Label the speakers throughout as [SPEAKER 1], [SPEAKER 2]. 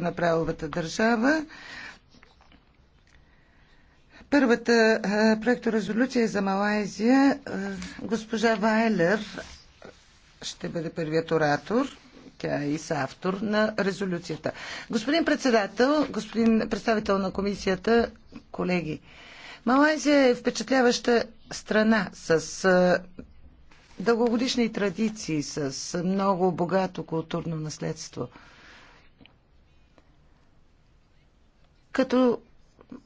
[SPEAKER 1] на правовата държава. Първата проекторезолюция е за Малайзия. Госпожа Вайлер ще бъде първият оратор. Тя е и съавтор на резолюцията. Господин председател, господин представител на комисията, колеги, Малайзия е впечатляваща страна с дългогодишни традиции, с много богато културно наследство – Като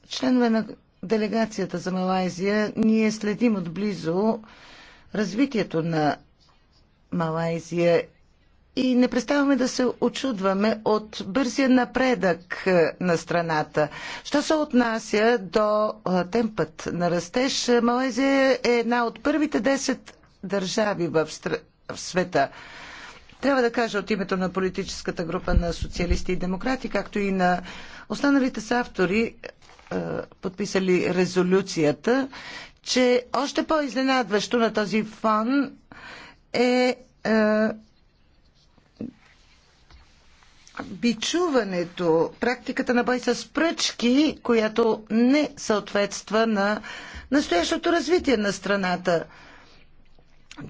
[SPEAKER 1] членове на делегацията за Малайзия, ние следим отблизо развитието на Малайзия и не преставаме да се очудваме от бързия напредък е, на страната. Що се отнася до е, темпът на растеж, е, Малайзия е една от първите 10 държави в, стр... в света, трябва да кажа от името на политическата група на социалисти и демократи, както и на останалите са автори, е, подписали резолюцията, че още по-изненадващо на този фон е, е бичуването, практиката на бой с пръчки, която не съответства на настоящото развитие на страната.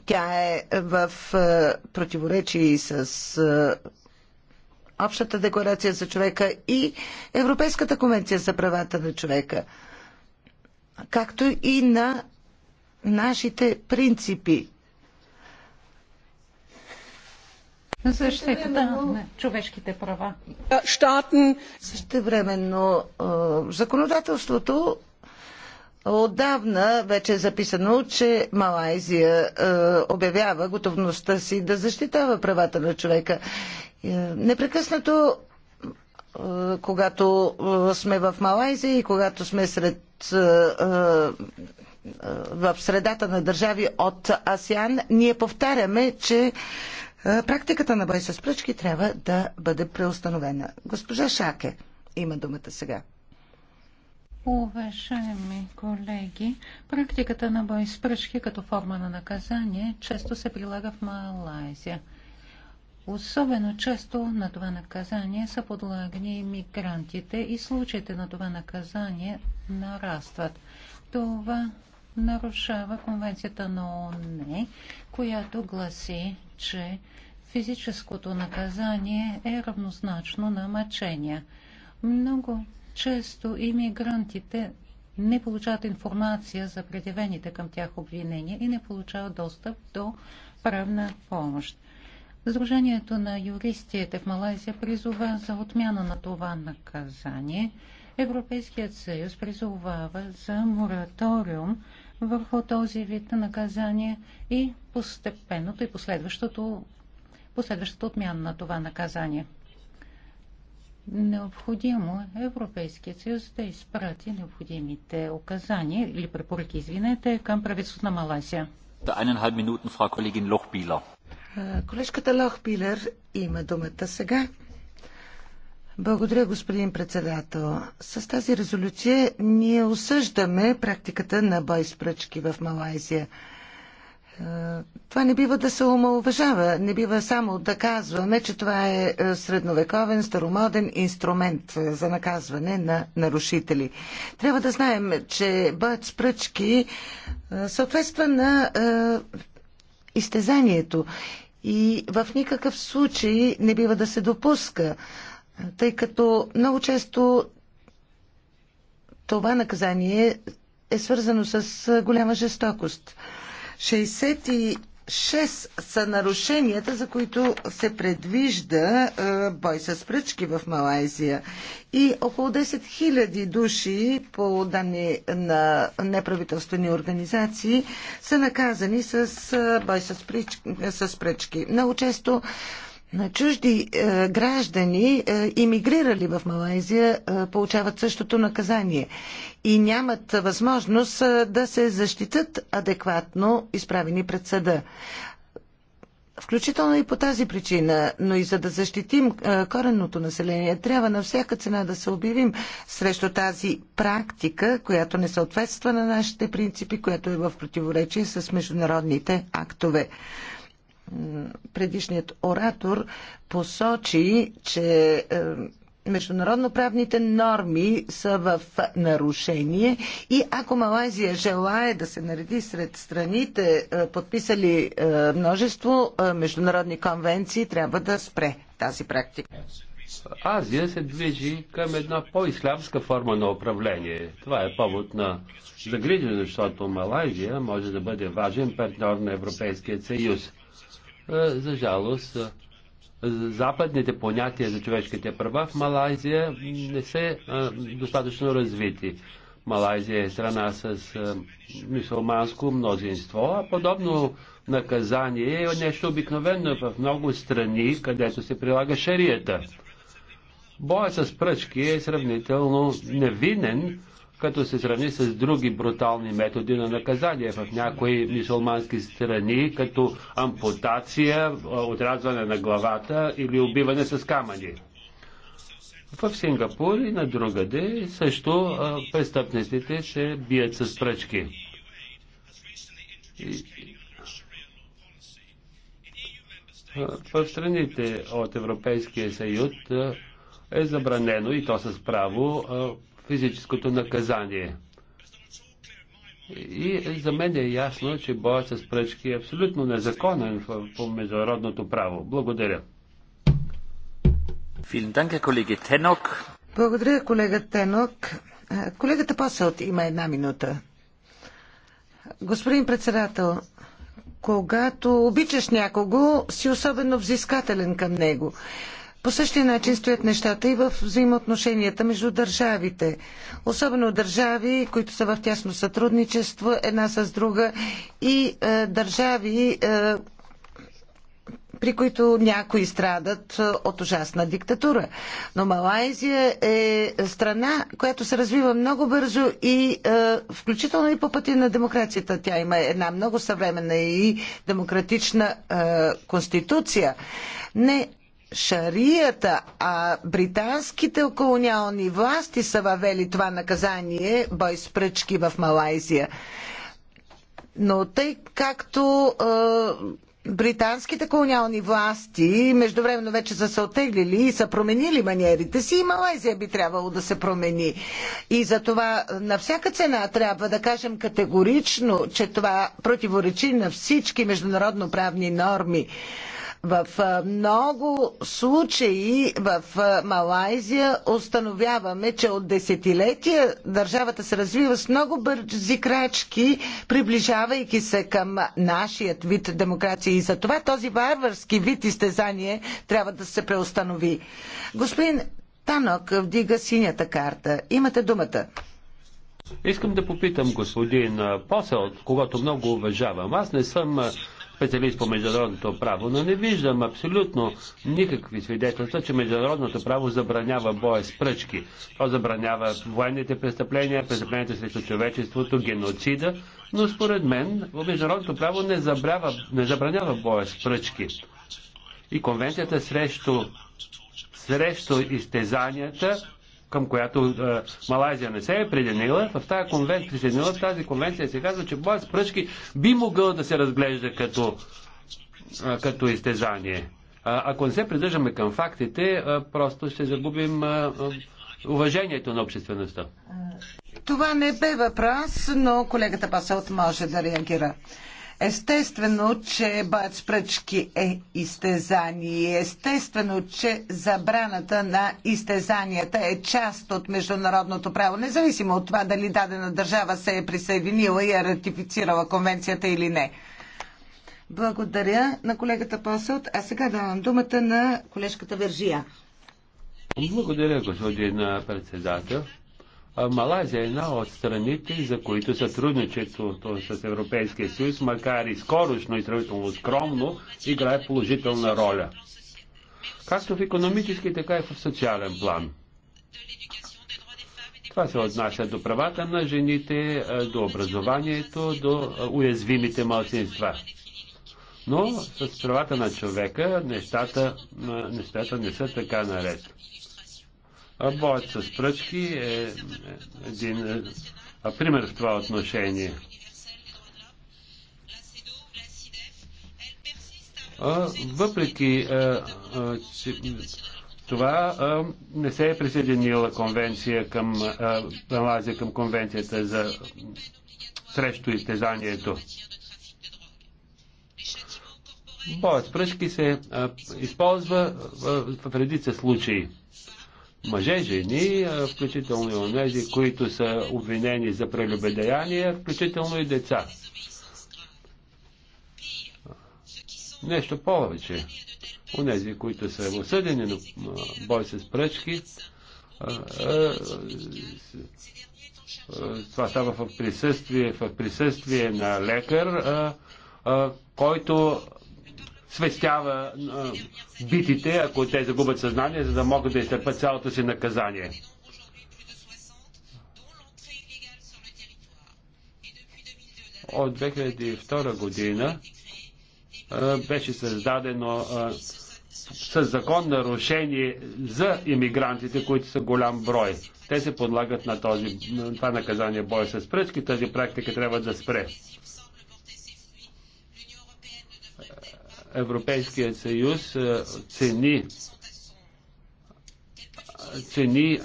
[SPEAKER 1] Тя е в е, противоречие и с е, Общата декларация за човека и Европейската конвенция за правата на човека, както и на нашите принципи.
[SPEAKER 2] Същевременно... на човешките права.
[SPEAKER 1] Същевременно е, законодателството Отдавна вече е записано, че Малайзия е, обявява готовността си да защитава правата на човека. Е, непрекъснато, е, когато е, сме в Малайзия и когато сме сред. Е, е, в средата на държави от АСИАН, ние повтаряме, че е, практиката на бой с пръчки трябва да бъде преустановена. Госпожа Шаке има думата сега.
[SPEAKER 2] Уважаеми колеги, практиката на бой с като форма на наказание често се прилага в Малайзия. Особено често на това наказание са подлагани мигрантите и случаите на това наказание нарастват. Това нарушава конвенцията на ООН, която гласи, че физическото наказание е равнозначно на мъчения. Много често иммигрантите не получават информация за предявените към тях обвинения и не получават достъп до правна помощ. Сдружението на юристите в Малайзия призова за отмяна на това наказание. Европейският съюз призовава за мораториум върху този вид на наказание и постепенното и последващото, последващата отмяна на това наказание. Необходимо е Европейският съюз да изпрати необходимите указания или препоръки, извинете, към правителството на Малайзия.
[SPEAKER 1] Колежката Лохбилер има думата сега. Благодаря, господин председател. С тази резолюция ние осъждаме практиката на бой с пръчки в Малайзия. Това не бива да се омалуважава. Не бива само да казваме, че това е, е средновековен, старомоден инструмент за наказване на нарушители. Трябва да знаем, че бъд с пръчки е, съответства на е, изтезанието и в никакъв случай не бива да се допуска, тъй като много често това наказание е свързано с голяма жестокост. 66 са нарушенията, за които се предвижда е, бой с пръчки в Малайзия. И около 10 000 души, по данни на неправителствени организации, са наказани с е, бой с пръчки. Много често на чужди е, граждани, е, иммигрирали в Малайзия, е, получават същото наказание и нямат възможност е, да се защитат адекватно изправени пред съда. Включително и по тази причина, но и за да защитим е, коренното население, трябва на всяка цена да се обявим срещу тази практика, която не съответства на нашите принципи, която е в противоречие с международните актове предишният оратор посочи, че е, международноправните норми са в нарушение и ако Малайзия желае да се нареди сред страните, е, подписали е, множество международни конвенции, трябва да спре тази практика.
[SPEAKER 3] Азия се движи към една по-ислямска форма на управление. Това е повод на загрижене, защото Малайзия може да бъде важен партньор на Европейския съюз. Е, за жалост, е, западните понятия за човешките права в Малайзия не са е, достатъчно развити. Малайзия е страна с мусулманско мнозинство, а подобно наказание е нещо обикновено в много страни, където се прилага шарията. Боя с пръчки е сравнително невинен, като се сравни с други брутални методи на наказание в някои мисулмански страни, като ампутация, отрязване на главата или убиване с камъни. В Сингапур и на другаде също престъпниците се бият с пръчки. В страните от Европейския съюз е забранено и то с право физическото наказание. И за мен е ясно, че боят с пръчки е абсолютно незаконен по международното право. Благодаря.
[SPEAKER 1] Благодаря, колега Тенок. Колегата Посълт има една минута. Господин председател, когато обичаш някого, си особено взискателен към него. По същия начин стоят нещата и в взаимоотношенията между държавите. Особено държави, които са в тясно сътрудничество една с друга и е, държави, е, при които някои страдат е, от ужасна диктатура. Но Малайзия е страна, която се развива много бързо и е, включително и по пъти на демокрацията. Тя има една много съвременна и демократична е, конституция. Не шарията, а британските колониални власти са въвели това наказание бой с пръчки в Малайзия. Но тъй както е, британските колониални власти междувременно вече са се отеглили и са променили маниерите си, и Малайзия би трябвало да се промени. И за това на всяка цена трябва да кажем категорично, че това противоречи на всички международно правни норми. В много случаи в Малайзия установяваме, че от десетилетия държавата се развива с много бързи крачки, приближавайки се към нашият вид демокрация. И за това този варварски вид изтезание трябва да се преустанови. Господин Танок вдига синята карта. Имате думата.
[SPEAKER 3] Искам да попитам господин Посел, когато много уважавам. Аз не съм специалист по международното право, но не виждам абсолютно никакви свидетелства, че международното право забранява боя с пръчки. То забранява военните престъпления, престъпленията срещу човечеството, геноцида, но според мен международното право не, забрява, не забранява боя с пръчки. И конвенцията срещу, срещу изтезанията към която е, Малайзия не се е приденила, в тази конвенция, присъединила в тази конвенция се казва, че бой с пръчки би могъл да се разглежда като, е, като изтезание. А, ако не се придържаме към фактите, е, просто ще загубим е, е, уважението на обществеността.
[SPEAKER 1] Това не бе въпрос, но колегата Пасалт може да реагира. Естествено, че бац пръчки е изтезание. Естествено, че забраната на изтезанията е част от международното право, независимо от това дали дадена държава се е присъединила и е ратифицирала конвенцията или не. Благодаря на колегата Посълт. А сега давам думата на колежката Вержия.
[SPEAKER 3] Благодаря, господин председател. Малазия е една от страните, за които сътрудничеството с Европейския съюз, макар и скорошно и сравнително скромно, играе положителна роля. Както в економически, така и в социален план. Това се отнася до правата на жените, до образованието, до уязвимите малцинства. Но с правата на човека нещата, нещата не са така наред. Боят с пръчки е, е един е, пример в това отношение. Въпреки е, че това а, не се е присъединила конвенция към Малазия към конвенцията за срещу изтезанието. Боят с пръчки се а, използва а, в редица случаи мъже, жени, включително и онези, които са обвинени за прелюбедеяние, включително и деца. Нещо повече. Онези, които са осъдени на бой с пръчки, това става в присъствие, в присъствие на лекар, който свестява битите, ако те загубят съзнание, за да могат да изтърпят цялото си наказание. От 2002 година беше създадено с закон нарушение за иммигрантите, които са голям брой. Те се подлагат на този, това наказание бой с пръчки. Тази практика трябва да спре. Европейският съюз цени цени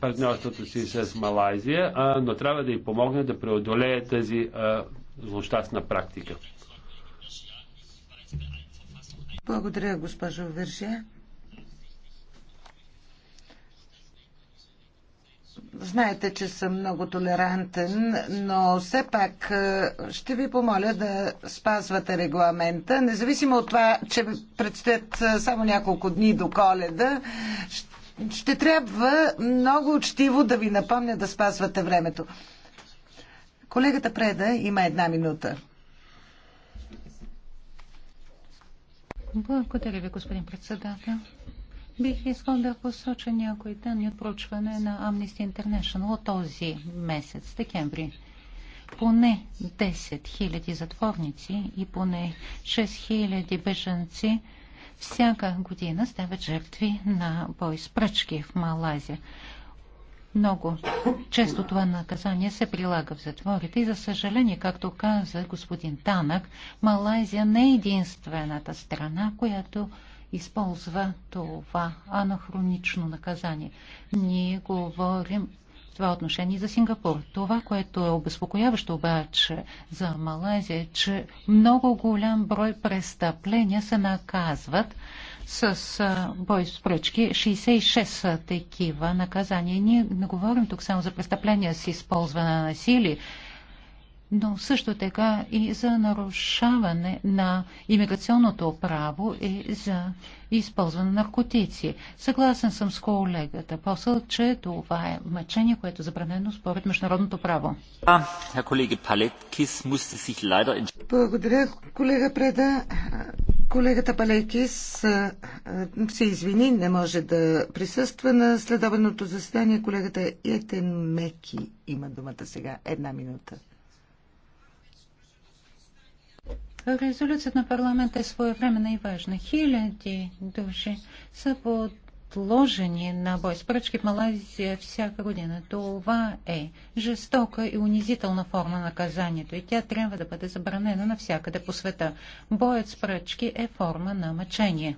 [SPEAKER 3] партньорството си с Малайзия, а, но трябва да й помогне да преодолее тази а, злощастна практика.
[SPEAKER 1] Благодаря, госпожо Вержия. Знаете, че съм много толерантен, но все пак е, ще ви помоля да спазвате регламента. Независимо от това, че предстоят е, само няколко дни до коледа, ще трябва много учтиво да ви напомня да спазвате времето. Колегата Преда има една минута.
[SPEAKER 2] Благодаря ви, господин председател. Бих искал да посоча някои данни от проучване на Amnesty International от този месец, декември. Поне 10 000 затворници и поне 6 000 беженци всяка година стават жертви на бой с пръчки в Малайзия. Много често това наказание се прилага в затворите и за съжаление, както каза господин Танък, Малайзия не е единствената страна, която използва това анахронично наказание. Ние говорим в това отношение за Сингапур. Това, което е обезпокояващо обаче за Малайзия, е, че много голям брой престъпления се наказват с бой с пръчки, 66 такива наказания. Ние не говорим тук само за престъпления с използване на насилие, но също така и за нарушаване на имиграционното право и за използване на наркотици. Съгласен съм с колегата Посъл, че това е мъчение, което е забранено според международното право.
[SPEAKER 1] Благодаря, колега Преда. Колегата Палекис се извини, не може да присъства на следобедното заседание. Колегата Етен Меки има думата сега. Една минута.
[SPEAKER 2] Резолюцията на парламента е своевременна и важна. Хиляди души са под Отложени на бой с пръчки в Малайзия всяка година. Това е жестока и унизителна форма на наказанието и тя трябва да бъде забранена навсякъде по света. Боят с пръчки е форма на мъчение.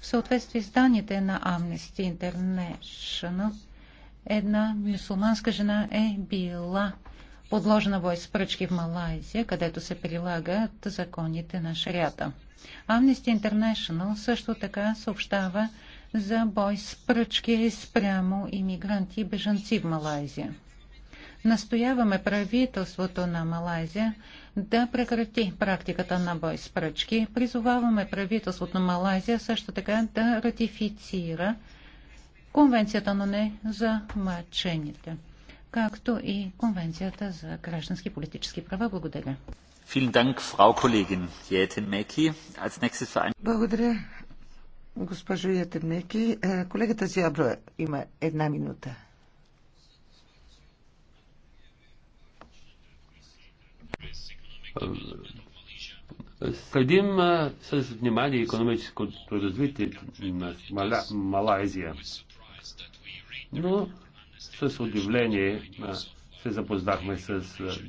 [SPEAKER 2] В съответствие с данните на Amnesty International, една мусулманска жена е била подложена бой с пръчки в Малайзия, където се прилагат законите на шарията. Amnesty International също така съобщава, за бой с пръчки спрямо иммигранти и бежанци в Малайзия. Настояваме правителството на Малайзия да прекрати практиката на бой с пръчки. Призоваваме правителството на Малайзия също така да ратифицира Конвенцията на не за мъчените, както и Конвенцията за
[SPEAKER 1] граждански и политически права. Благодаря. Благодаря, Госпожо Ятемеки, е, колегата Зябра има една минута.
[SPEAKER 3] Следим е, с внимание економическото развитие на Маля, Малайзия. Но с удивление е, се запознахме с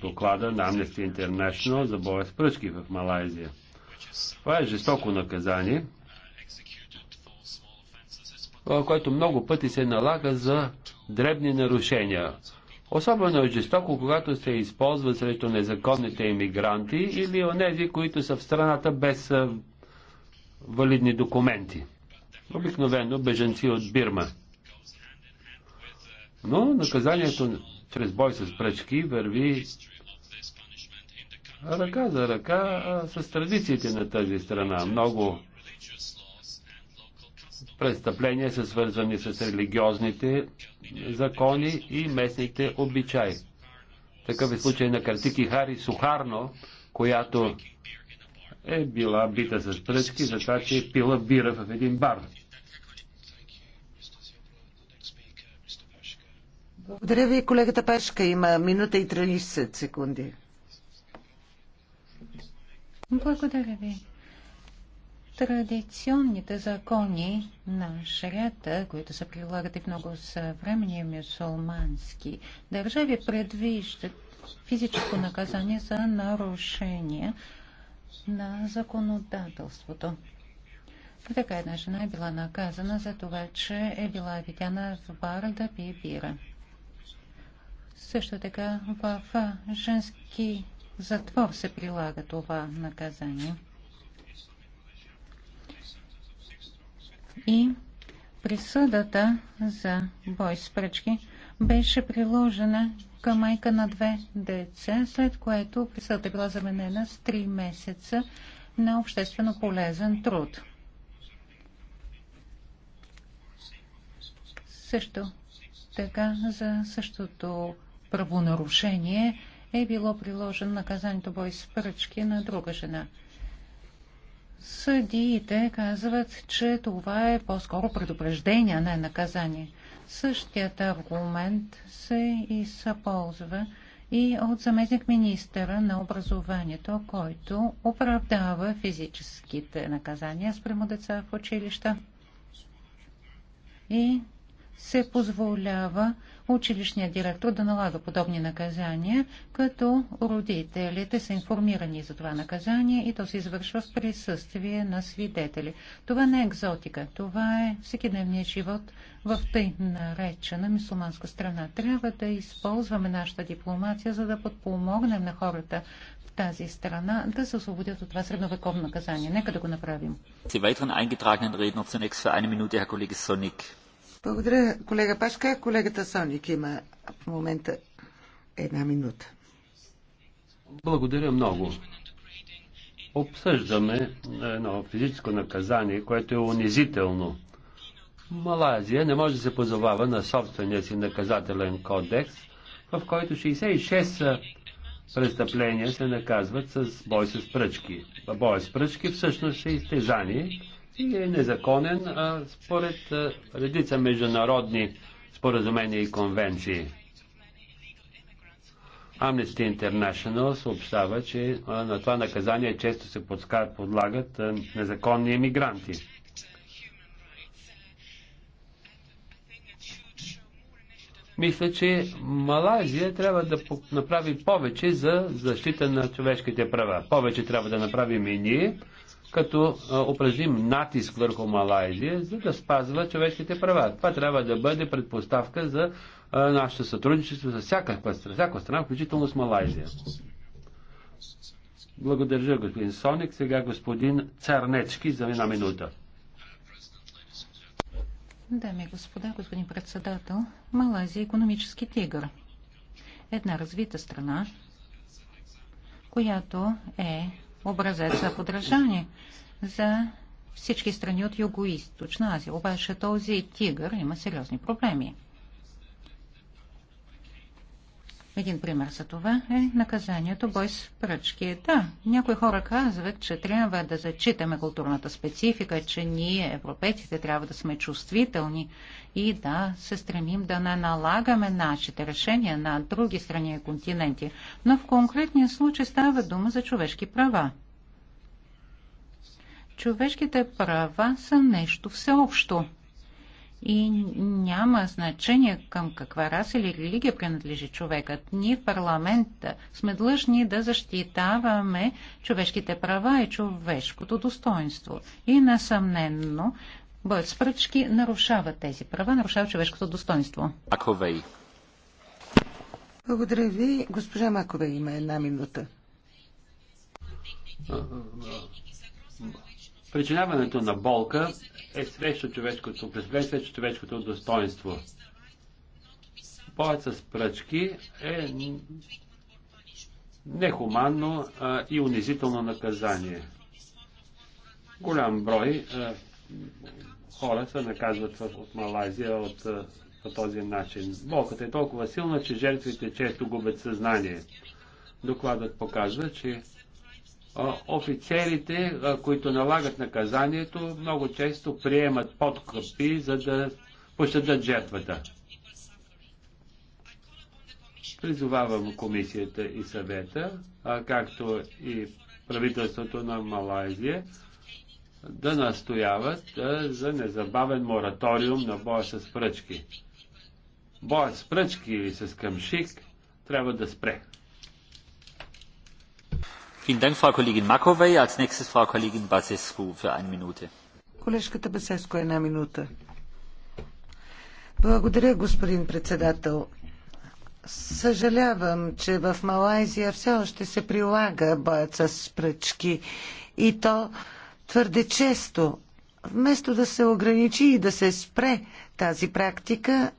[SPEAKER 3] доклада на Amnesty International за боя с пръчки в Малайзия. Това е жестоко наказание, който много пъти се налага за дребни нарушения. Особено е жестоко, когато се използва срещу незаконните иммигранти или онези, които са в страната без валидни документи. Обикновено беженци от Бирма. Но наказанието чрез бой с пръчки върви ръка за ръка с традициите на тази страна. Много престъпления са свързани с религиозните закони и местните обичаи. Такъв е случай на Картики Хари Сухарно, която е била бита с пръчки за това, че е пила бира в един бар.
[SPEAKER 1] Благодаря ви, колегата Пешка. Има минута и 30 секунди.
[SPEAKER 2] Благодаря ви. Традиционните закони на шарята, които се прилагат и в много съвременни мюсулмански държави, предвиждат физическо наказание за нарушение на законодателството. Така една жена е била наказана за това, че е била видяна в бар да пие бира. Също така в женски затвор се прилага това наказание. и присъдата за бой с пръчки беше приложена към майка на две деца, след което присъдата е била заменена с 3 месеца на обществено полезен труд. Също така за същото правонарушение е било приложено наказанието бой с пръчки на друга жена – Съдиите казват, че това е по-скоро предупреждение, а не наказание. Същият аргумент се използва и от заместник министъра на образованието, който оправдава физическите наказания спрямо деца в училища и се позволява училищният директор да налага подобни наказания, като родителите са информирани за това наказание и то се извършва в присъствие на свидетели. Това не е екзотика, това е всекидневният живот в тъй наречена мусулманска страна. Трябва да използваме нашата дипломация, за да подпомогнем на хората в тази страна да се освободят от това средновековно наказание. Нека да го направим.
[SPEAKER 4] Die weiteren eingetragenen Redner zunächst für eine Minute, Herr Kollege Sonik.
[SPEAKER 1] Благодаря, колега Пашка. Колегата Соник има в момента една минута.
[SPEAKER 3] Благодаря много. Обсъждаме едно физическо наказание, което е унизително. Малазия не може да се позовава на собствения си наказателен кодекс, в който 66 престъпления се наказват с бой с пръчки. Бой с пръчки всъщност е изтезание и е незаконен а, според а, редица международни споразумения и конвенции. Amnesty International съобщава, че а, на това наказание често се подлагат а, незаконни емигранти. Мисля, че Малайзия трябва да направи повече за защита на човешките права. Повече трябва да направим и ние като упражним натиск върху Малайзия, за да спазва човешките права. Това трябва да бъде предпоставка за нашето сътрудничество за всяка, всяка страна, включително с Малайзия. Благодаря, господин Соник. Сега господин Царнечки за една минута.
[SPEAKER 2] Дами и господа, господин председател, Малайзия е економически тигър. Една развита страна, която е образец за подражание за всички страни от Юго-Источна Азия. Обаче този тигър има сериозни проблеми. Един пример за това е наказанието бой с пръчки. Да, някои хора казват, че трябва да зачитаме културната специфика, че ние, европейците, трябва да сме чувствителни и да се стремим да не налагаме нашите решения на други страни и континенти. Но в конкретния случай става дума за човешки права. Човешките права са нещо всеобщо и няма значение към каква раса или религия принадлежи човекът. Ние в парламента сме длъжни да защитаваме човешките права и човешкото достоинство. И несъмненно, Боят спръчки нарушава тези права, нарушава човешкото
[SPEAKER 1] достоинство. Маковей. Благодаря ви. Госпожа Маковей има една минута.
[SPEAKER 3] Причиняването на болка е срещу човешкото, престъпление срещу човешкото достоинство. Боят с пръчки е нехуманно а, и унизително наказание. Голям брой а, хора се наказват от Малайзия от, а, по този начин. Болката е толкова силна, че жертвите често губят съзнание. Докладът показва, че офицерите, които налагат наказанието, много често приемат подкръпи, за да пощадат жертвата. Призовавам комисията и съвета, както и правителството на Малайзия, да настояват за незабавен мораториум на боя с пръчки.
[SPEAKER 4] Боя с пръчки или с къмшик трябва да спре.
[SPEAKER 1] Благодаря, господин председател. Съжалявам, че в Малайзия все още се прилага боят с пръчки и то твърде често. Вместо да се ограничи и да се спре тази практика,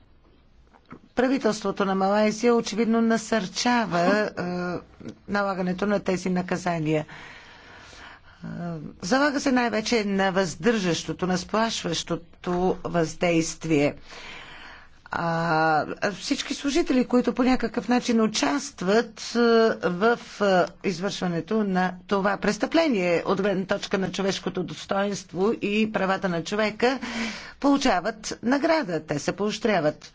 [SPEAKER 1] правителството на Малайзия очевидно насърчава е, налагането на тези наказания. Е, залага се най-вече на въздържащото, на сплашващото въздействие. А, всички служители, които по някакъв начин участват е, в извършването на това престъпление от гледна точка на човешкото достоинство и правата на човека, получават награда. Те се поощряват.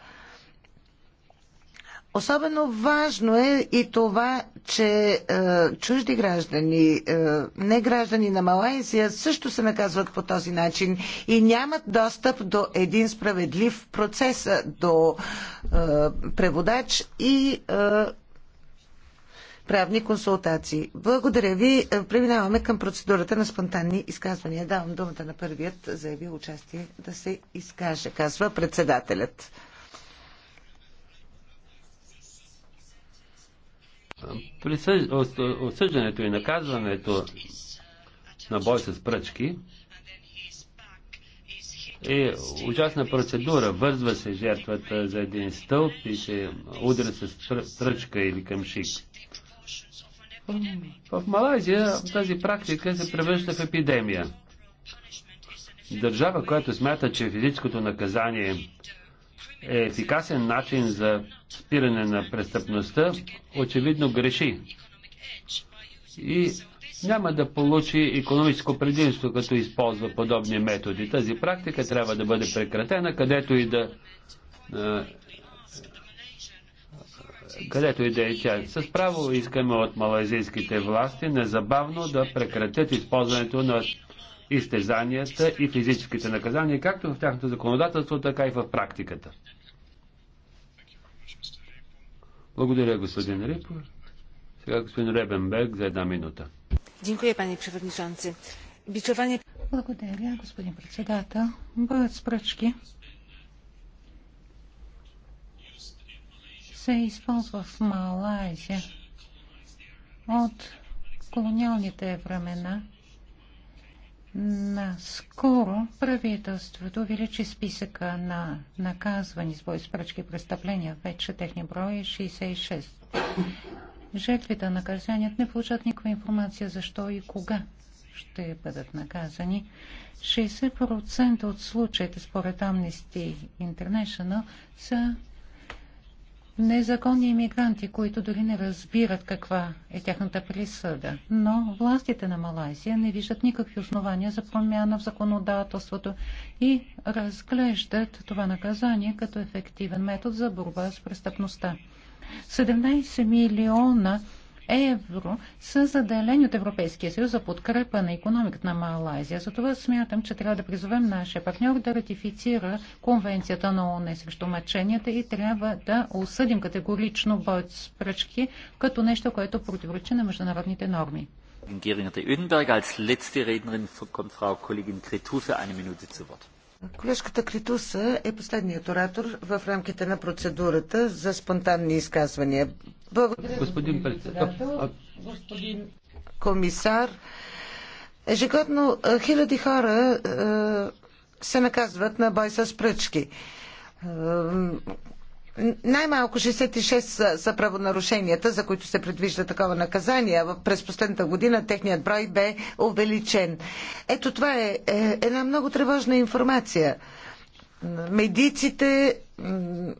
[SPEAKER 1] Особено важно е и това, че е, чужди граждани, е, не граждани на Малайзия, също се наказват по този начин и нямат достъп до един справедлив процес, е, до е, преводач и е, правни консултации. Благодаря ви. Е, преминаваме към процедурата на спонтанни изказвания. Давам думата на първият заявил участие да се изкаже, казва председателят.
[SPEAKER 3] Присъж... Осъждането и наказването на бой с пръчки е ужасна процедура. Вързва се жертвата за един стълб и се удря с пръчка или къмшик. В Малайзия тази практика се превръща в епидемия. Държава, която смята, че физическото наказание е ефикасен начин за спиране на престъпността, очевидно греши. И няма да получи економическо предимство, като използва подобни методи. Тази практика трябва да бъде прекратена, където и да където и да е тя. С право искаме от малайзийските власти незабавно да прекратят използването на изтезанията и физическите наказания, както в тяхното законодателство, така и в практиката. Благодаря, господин Рипо. Сега господин Ребенберг за една минута.
[SPEAKER 2] Благодаря, господин председател. Бъдат спръчки. се използва в Малайзия от колониалните времена Наскоро правителството увеличи списъка на наказвани с бой престъпления. Вече техния брой е 66. Жертвите на наказаният не получат никаква информация защо и кога ще бъдат наказани. 60% от случаите според Amnesty International са незаконни иммигранти, които дори не разбират каква е тяхната присъда. Но властите на Малайзия не виждат никакви основания за промяна в законодателството и разглеждат това наказание като ефективен метод за борба с престъпността. 17 милиона евро са заделени от Европейския съюз за подкрепа на економиката на Малайзия. Затова смятам, че трябва да призовем нашия партньор да ратифицира конвенцията на ООН срещу мъченията и трябва да осъдим категорично бой с пръчки като нещо, което противоречи на международните норми.
[SPEAKER 4] als letzte Rednerin kommt Frau Kollegin Cretu für eine Minute zu Wort.
[SPEAKER 1] Колежката Критуса е последният оратор в рамките на процедурата за спонтанни изказвания. Благодаря,
[SPEAKER 4] господин председател.
[SPEAKER 3] Господин
[SPEAKER 1] комисар, ежегодно хиляди хора се наказват на бой с пръчки. Най-малко 66 са, са правонарушенията, за които се предвижда такова наказание. През последната година техният брой бе увеличен. Ето това е, е една много тревожна информация. Медиците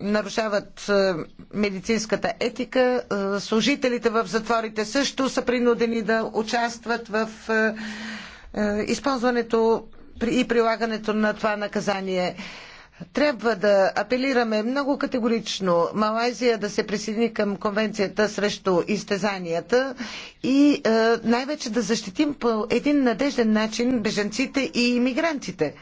[SPEAKER 1] нарушават е, медицинската етика, е, служителите в затворите също са принудени да участват в използването и прилагането на това наказание. Трябва да апелираме много категорично Малайзия да се присъедини към конвенцията срещу изтезанията и е, най-вече да защитим по един надежден начин беженците и иммигрантите.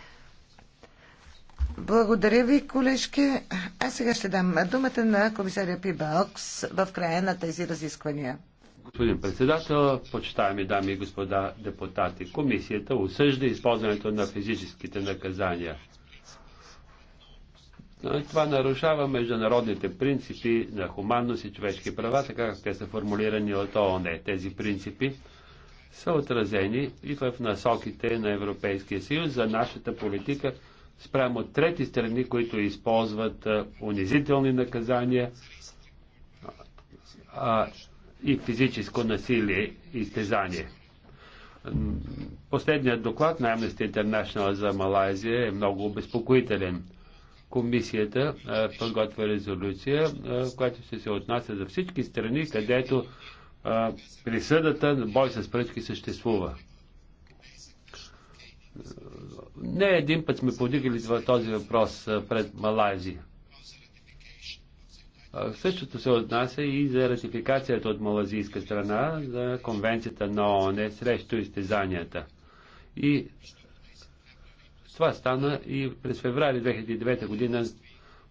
[SPEAKER 1] Благодаря ви, колежки. А сега ще дам думата на комисаря Пибалкс в края на тези разисквания.
[SPEAKER 3] Господин председател, почитаеми дами и господа депутати, комисията осъжда използването на физическите наказания е, това нарушава международните принципи на хуманност и човешки права, така как те са формулирани от ООН. Тези принципи са отразени и в насоките на Европейския съюз за нашата политика спрямо трети страни, които използват е, унизителни наказания а, и физическо насилие и стезание. Последният доклад на Amnesty International за Малайзия е много обезпокоителен – комисията подготвя резолюция, която ще се отнася за всички страни, където присъдата на бой с пръчки съществува. Не един път сме подигали този въпрос пред Малайзия. Същото се отнася и за ратификацията от малазийска страна за конвенцията на ООН срещу изтезанията. И това стана и през феврали 2009 година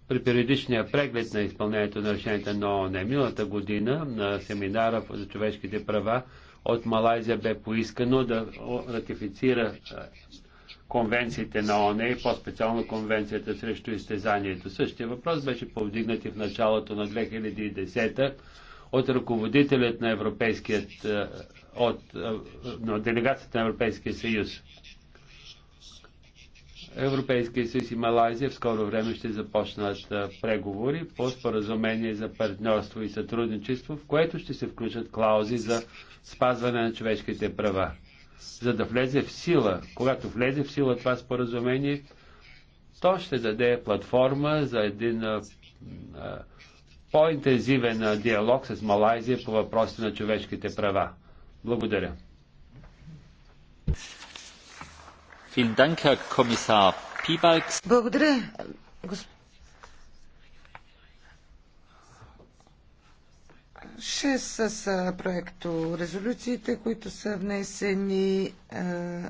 [SPEAKER 3] при периодичния преглед на изпълнението на решенията на ООН. Миналата година на семинара за човешките права от Малайзия бе поискано да ратифицира е, конвенциите на ОНЕ и по-специално конвенцията срещу изтезанието. Същия въпрос беше повдигнат и в началото на 2010 от ръководителят на Европейският е, от, от е, делегацията на Европейския съюз. Европейския съюз и Малайзия в скоро време ще започнат преговори по споразумение за партньорство и сътрудничество, в което ще се включат клаузи за спазване на човешките права. За да влезе в сила, когато влезе в сила това споразумение, то ще даде платформа за един по-интензивен диалог с Малайзия по въпросите на човешките
[SPEAKER 4] права. Благодаря. Благодаря, господин.
[SPEAKER 1] Шест са проекто резолюциите, които са внесени.